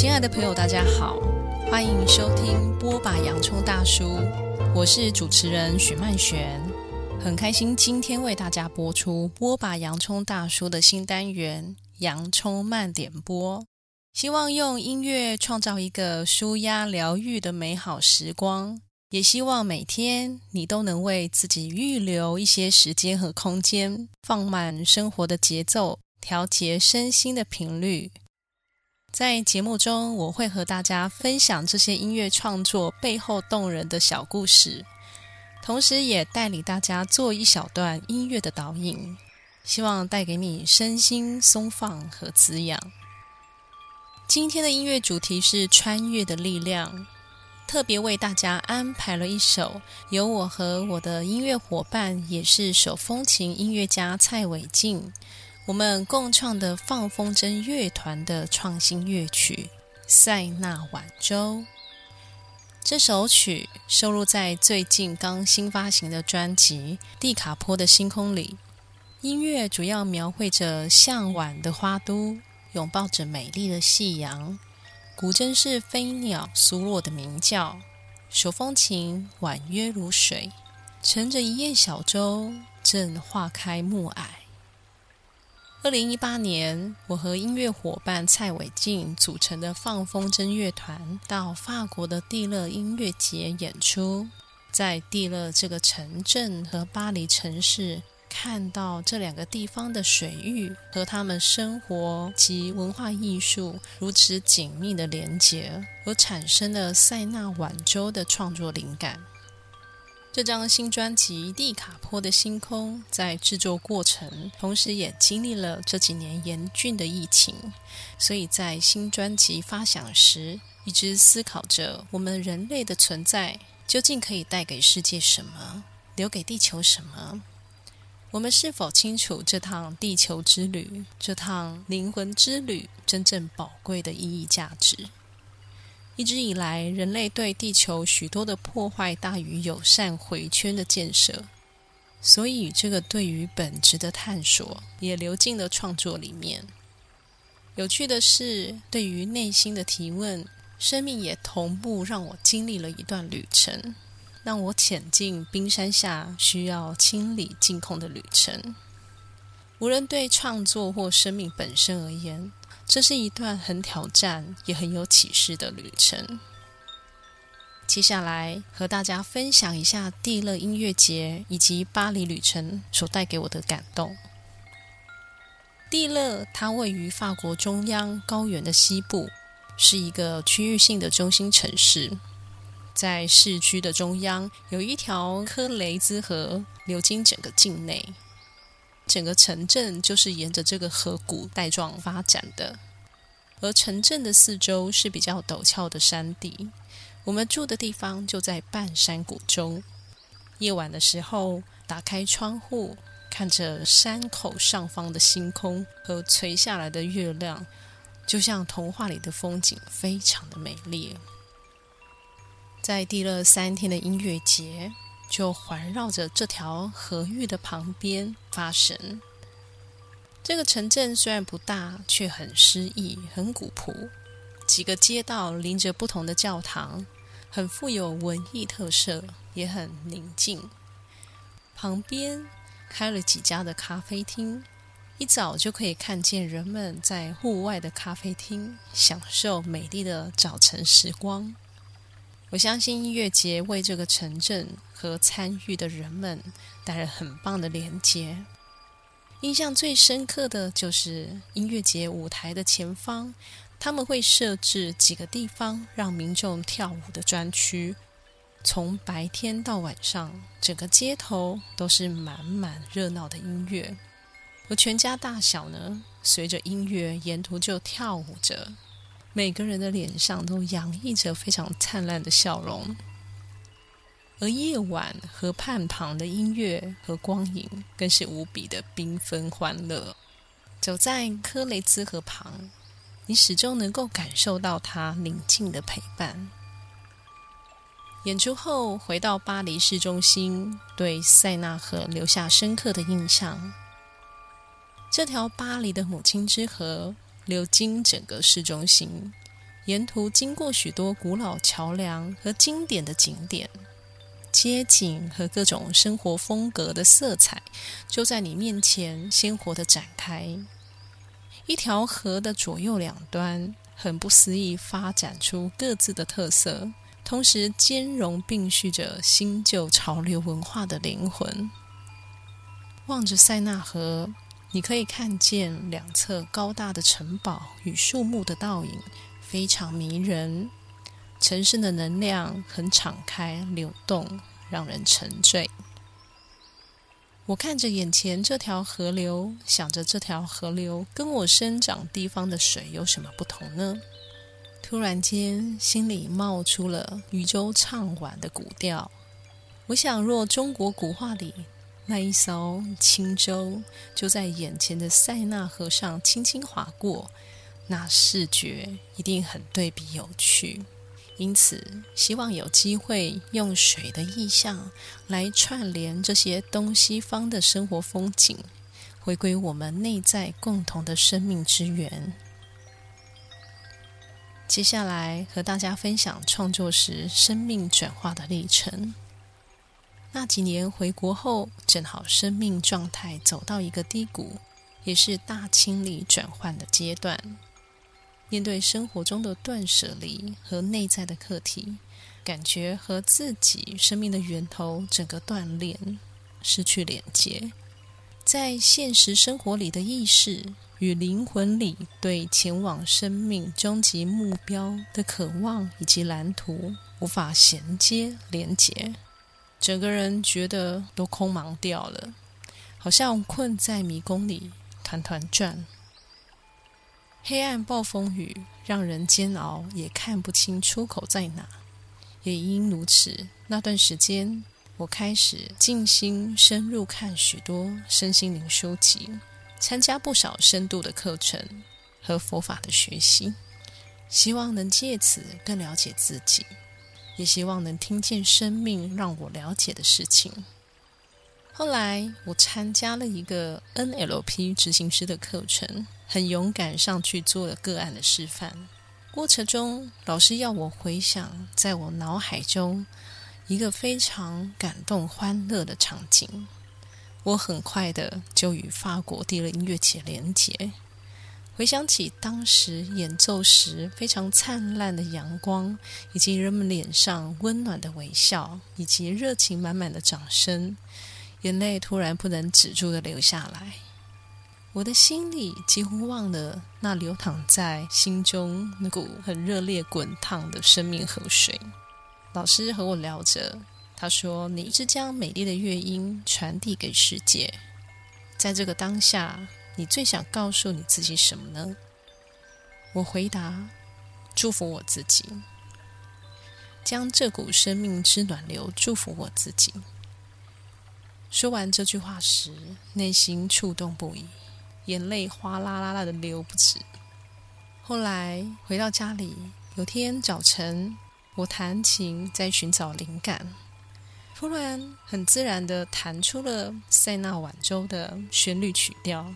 親愛的朋友，大家好，歡迎收聽《剝吧！洋蔥大叔》，我是主持人許嫚烜，很開心今天為大家播出《剝吧！洋蔥大叔》的新單元《洋蔥嫚點播》，希望用音樂創造一個舒壓療癒的美好時光，也希望每天你都能為自己預留一些時間和空間，放慢生活的節奏，調節身心的頻率。在節目中，我會和大家分享這些音樂創作背後動人的小故事，同時也帶領大家做一小段音樂的導引，希望帶給你身心鬆放和滋養。今天的音樂主題是穿越的力量，特別為大家安排了一首由我和我的音樂夥伴，也是手風琴音樂家蔡偉靜。我們共創的放風箏樂團的創新樂曲《塞納晚舟》，這首曲收錄在最近剛新發行的專輯《蒂卡坡的星空》裡。音樂主要描繪着向晚的花都，擁抱着美麗的夕陽。古箏是飛鳥蘇落的鳴叫，手風琴婉約如水，乘着一葉小舟，正化開暮靄。二零一八年，我和音樂夥伴蔡偉靜組成的放風箏樂團到法國的蒂勒音樂節演出，在蒂勒這個城鎮和巴黎城市，看到這兩個地方的水域和他們生活及文化藝術如此緊密的連結，而產生了塞納晚舟的創作靈感。這張新專輯《蒂卡波的星空》在制作過程，同時也經歷了這幾年嚴峻的疫情，所以在新專輯發想時，一直思考着我們人類的存在究竟可以帶給世界什麼，留給地球什麼？我們是否清楚這趟地球之旅、這趟靈魂之旅真正寶貴的意義價值？一直以來，人類對地球許多的破壞大於友善回圈的建設，所以這個對於本質的探索也流進了創作裡面。有趣的是，對於內心的提問，生命也同步讓我經歷了一段旅程，讓我潛進冰山下需要清理淨空的旅程。無論對創作或生命本身而言。這是一段很挑戰也很有啟示的旅程。接下來和大家分享一下蒂勒音樂節以及巴黎旅程所帶給我的感動。蒂勒，它位於法國中央高原的西部，是一個區域性的中心城市。在市區的中央，有一條科雷茲河流經整個境內。整個城鎮就是沿着這個河谷帶狀發展的，而城鎮的四周是比較陡峭的山地。我們住的地方就在半山谷中。夜晚的時候，打開窗戶，看着山口上方的星空和垂下來的月亮，就像童話裡的風景，非常的美麗。在第二三天的音樂節，就環繞着這條河域的旁邊發生。這個城鎮雖然不大，卻很詩意、很古樸。幾個街道臨着不同的教堂，很富有文藝特色，也很寧靜。旁邊開了幾家的咖啡廳，一早就可以看見人們在戶外的咖啡廳享受美麗的早晨時光。我相信音樂節為這個城鎮和參與的人們帶來很棒的連接。印象最深刻的就是音樂節舞台的前方，他們會設置幾個地方讓民眾跳舞的專區。從白天到晚上，整個街頭都是滿滿熱鬧的音樂。而全家大小呢，隨着音樂沿途就跳舞着。每個人的臉上都洋溢着非常燦爛的笑容，而夜晚河畔旁的音樂和光影更是無比的繽紛歡樂。走在科雷茲河旁，你始終能夠感受到它寧靜的陪伴。演出後回到巴黎市中心，對塞納河留下深刻的印象。這條巴黎的母親之河，流經整個市中心，沿途經過許多古老橋梁和經典的景點，街景和各種生活風格的色彩就在你面前鮮活地展開。一條河的左右兩端很不思議，發展出各自的特色，同時兼容並蓄着新舊潮流文化的靈魂。望着塞納河。你可以看見兩側高大的城堡與樹木的倒影，非常迷人。城市的能量很敞開、流動，讓人沉醉。我看着眼前這條河流，想着這條河流跟我生長地方的水有什麼不同呢？突然間，心裡冒出了《漁舟唱晚》的古調。我想，若中國古畫裡。那一艘輕舟就在眼前的塞納河上輕輕劃過，那視覺一定很對比有趣。因此，希望有機會用水的意象來串聯這些東西方的生活風景，回歸我們內在共同的生命之源。接下來和大家分享創作時生命轉化的歷程。那幾年回國後，正好生命狀態走到一個低谷，也是大清理轉換的階段。面對生活中的斷捨離和內在的課題，感覺和自己生命的源頭整個斷裂，失去連接，在現實生活裡的意識與靈魂裡，對前往生命終極目標的渴望以及藍圖，無法銜接連接。整個人覺得都空茫掉了，好像困在迷宮裡團團轉。黑暗暴風雨讓人煎熬，也看不清出口在哪。也因如此，那段時間我開始靜心深入看許多身心靈書籍，參加不少深度的課程和佛法的學習，希望能借此更了解自己。也希望能聽見生命讓我了解的事情。後來，我參加了一個 NLP 執行師的課程，很勇敢上去做了個案的示範。過程中，老師要我回想在我腦海中一個非常感動、歡樂的場景。我很快地就與法國蒂勒音樂節連結。回想起當時演奏時非常燦爛的陽光，以及人們臉上溫暖的微笑，以及熱情滿滿的掌聲，眼淚突然不能止住地流下來。我的心裡幾乎忘了那流淌在心中那股很熱烈滾燙的生命河水。老師和我聊着，他說：“你一直將美麗的樂音傳遞給世界，在這個當下。”你最想告訴你自己什麼呢？我回答：祝福我自己，將這股生命之暖流祝福我自己。說完這句話時，內心觸動不已，眼淚嘩啦啦啦的流不止。後來回到家裡，有天早晨，我彈琴在尋找靈感，突然很自然的彈出了塞納晚舟的旋律曲調。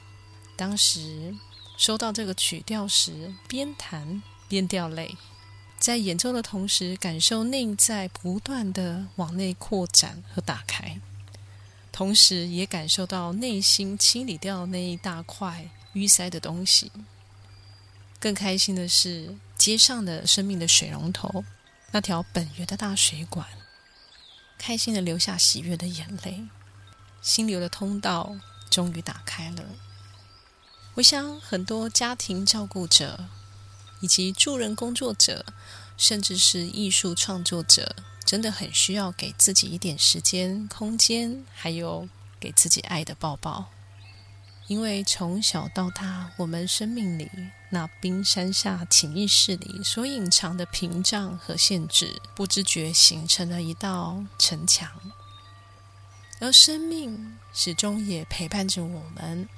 當時收到這個曲調時，邊彈邊掉淚，在演奏的同時，感受內在不斷的往內擴展和打開，同時也感受到內心清理掉那一大塊淤塞的東西。更開心的是，接上了生命的水龍頭，那條本源的大水管，開心的流下喜悅的眼淚，心流的通道終於打開了。我想，很多家庭照顧者、以及助人工作者，甚至是藝術創作者，真的很需要給自己一點時間、空間，還有給自己愛的抱抱。因為從小到大，我們生命裡那冰山下潛意識裡所隱藏的屏障和限制，不知覺形成了一道城牆。而生命始終也陪伴着我們。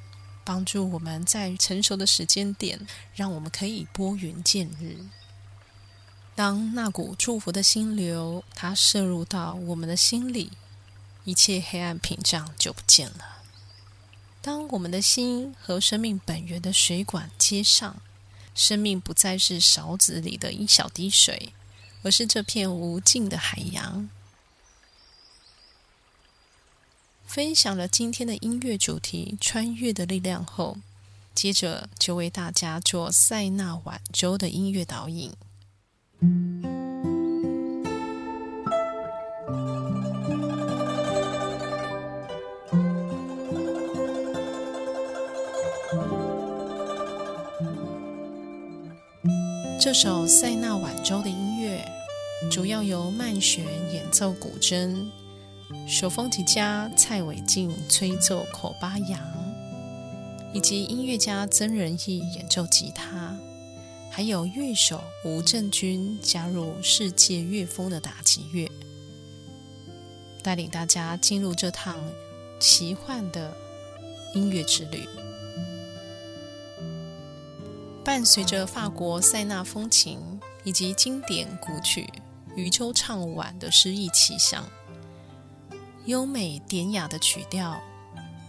幫助我們在成熟的時間點，讓我們可以撥雲見日。當那股祝福的心流，它滲入到我們的心裡，一切黑暗屏障就不見了。當我們的心和生命本源的水管接上，生命不再是勺子裡的一小滴水，而是這片無盡的海洋。分享了今天的音樂主題“穿越的力量”後，接着就為大家做塞納晚舟的音樂導引。這首塞納晚舟的音樂，主要由嫚烜演奏古箏。手風琴家蔡偉靜吹奏口巴揚，以及音樂家曾仁義演奏吉他，還有樂手吳正軍加入世界樂風的打擊樂，帶領大家進入這趟奇幻的音樂之旅。伴隨着法國塞納風情以及經典古曲《漁舟唱晚》的詩意氣象。優美典雅的曲調，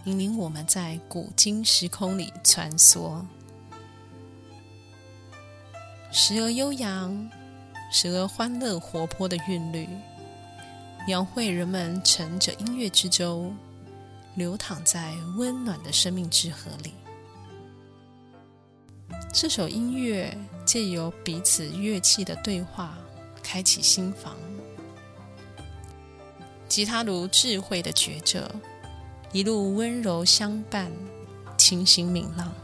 引領我們在古今時空裡穿梭；時而悠揚，時而歡樂活潑的韻律，描繪人們乘着音樂之舟，流淌在溫暖的生命之河裡。這首音樂借由彼此樂器的對話，開啟心房。吉他如智慧的覺者，一路溫柔相伴，清新明朗，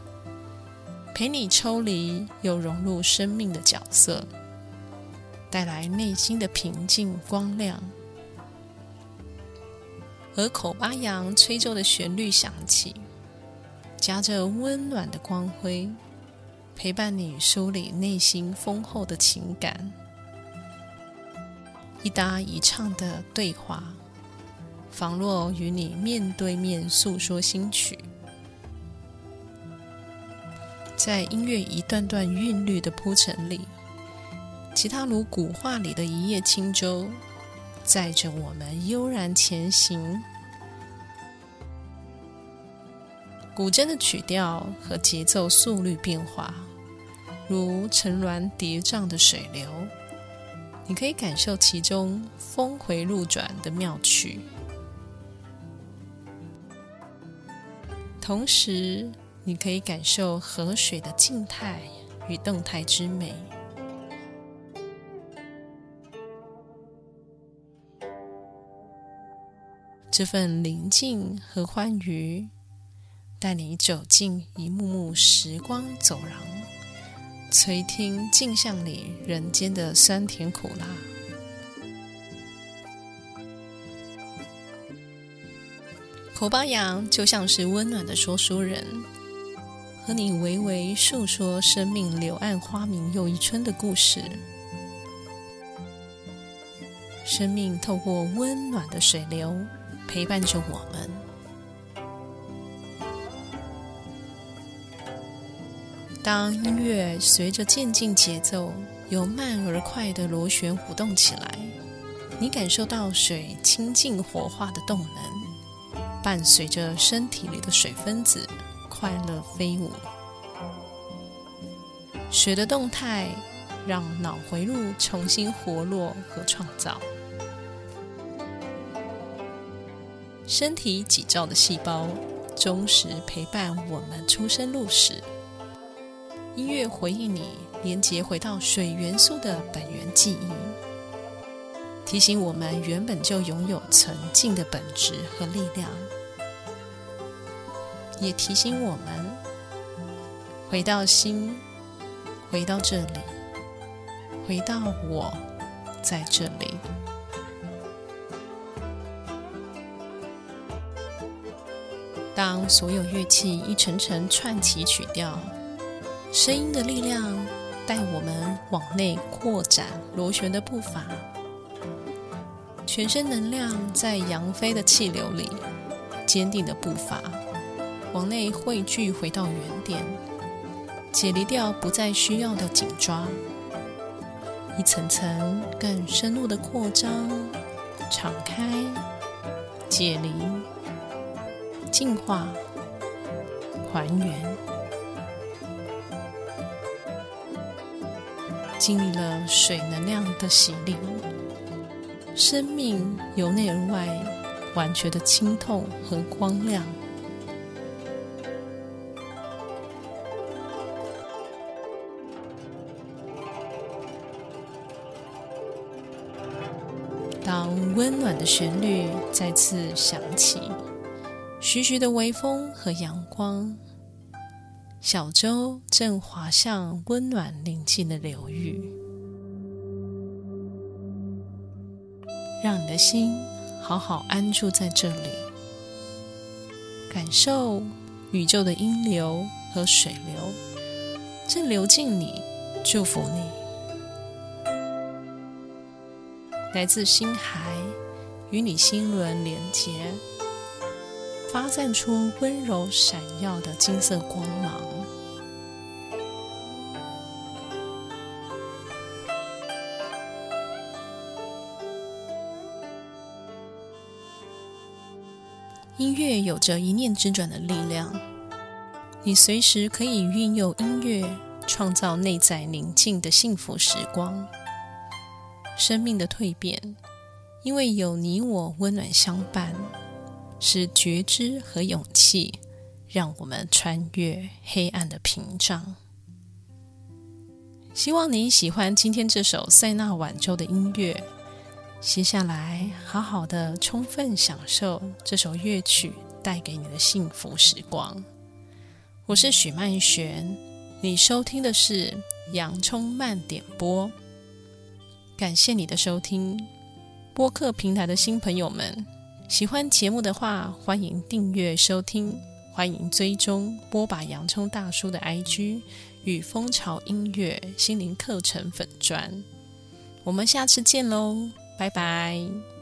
陪你抽離又融入生命的角色，帶來內心的平靜光亮。而口巴揚吹奏的旋律響起，夾着溫暖的光輝，陪伴你梳理內心豐厚的情感。一搭一唱的對話。仿若與你面對面訴說心曲，在音樂一段段韻律的鋪陳裡，其他如古畫裡的一葉輕舟，載着我們悠然前行。古箏的曲調和節奏速率變化，如層巒疊嶂的水流，你可以感受其中峰回路轉的妙趣。同時，你可以感受河水的靜態與動態之美。這份寧靜和歡愉，帶你走進一幕幕時光走廊，垂聽鏡像裡人間的酸甜苦辣。巴揚就像是溫暖的說書人，和你娓娓訴說生命“柳暗花明又一春”的故事。生命透過溫暖的水流陪伴着我們。當音樂隨着漸進節奏由慢而快的螺旋舞動起來，你感受到水清淨活化的動能。伴隨着身體裡的水分子快樂飛舞，水的動態讓腦回路重新活絡和創造。身體幾兆的細胞忠實陪伴我們出生入死，音樂回應你，連接回到水元素的本源記憶。提醒我們原本就擁有純淨的本質和力量，也提醒我們回到心，回到這裡，回到我在這裡。當所有樂器一層層串起曲調，聲音的力量帶我們往內擴展螺旋的步伐。全身能量在揚飛的氣流裡，堅定的步伐往內匯聚，回到原點，解離掉不再需要的緊抓，一層層更深入的擴張、敞開、解離、淨化、還原，經歷了水能量的洗禮。生命由內而外，完全的清透和光亮。當溫暖的旋律再次響起，徐徐的微風和陽光，小舟正划向溫暖寧靜的流域。讓你的心好好安住在這裡，感受宇宙的音流和水流正流進你，祝福你，來自星海與你心輪連結，發散出溫柔閃耀的金色光芒。音樂有着一念之轉的力量，你隨時可以運用音樂創造內在寧靜的幸福時光。生命的蛻變，因為有你我溫暖相伴，是覺知和勇氣，讓我們穿越黑暗的屏障。希望你喜歡今天這首塞納晚舟的音樂。接下來，好好的充分享受這首樂曲帶給你的幸福時光。我是許嫚烜，你收聽的是洋蔥嫚點播。感謝你的收聽，播客平台的新朋友們，喜歡節目的話，歡迎訂閱收聽，歡迎追蹤剝吧！洋蔥大叔的 IG 與風潮音樂心靈課程粉專。我們下次見嘍！拜拜。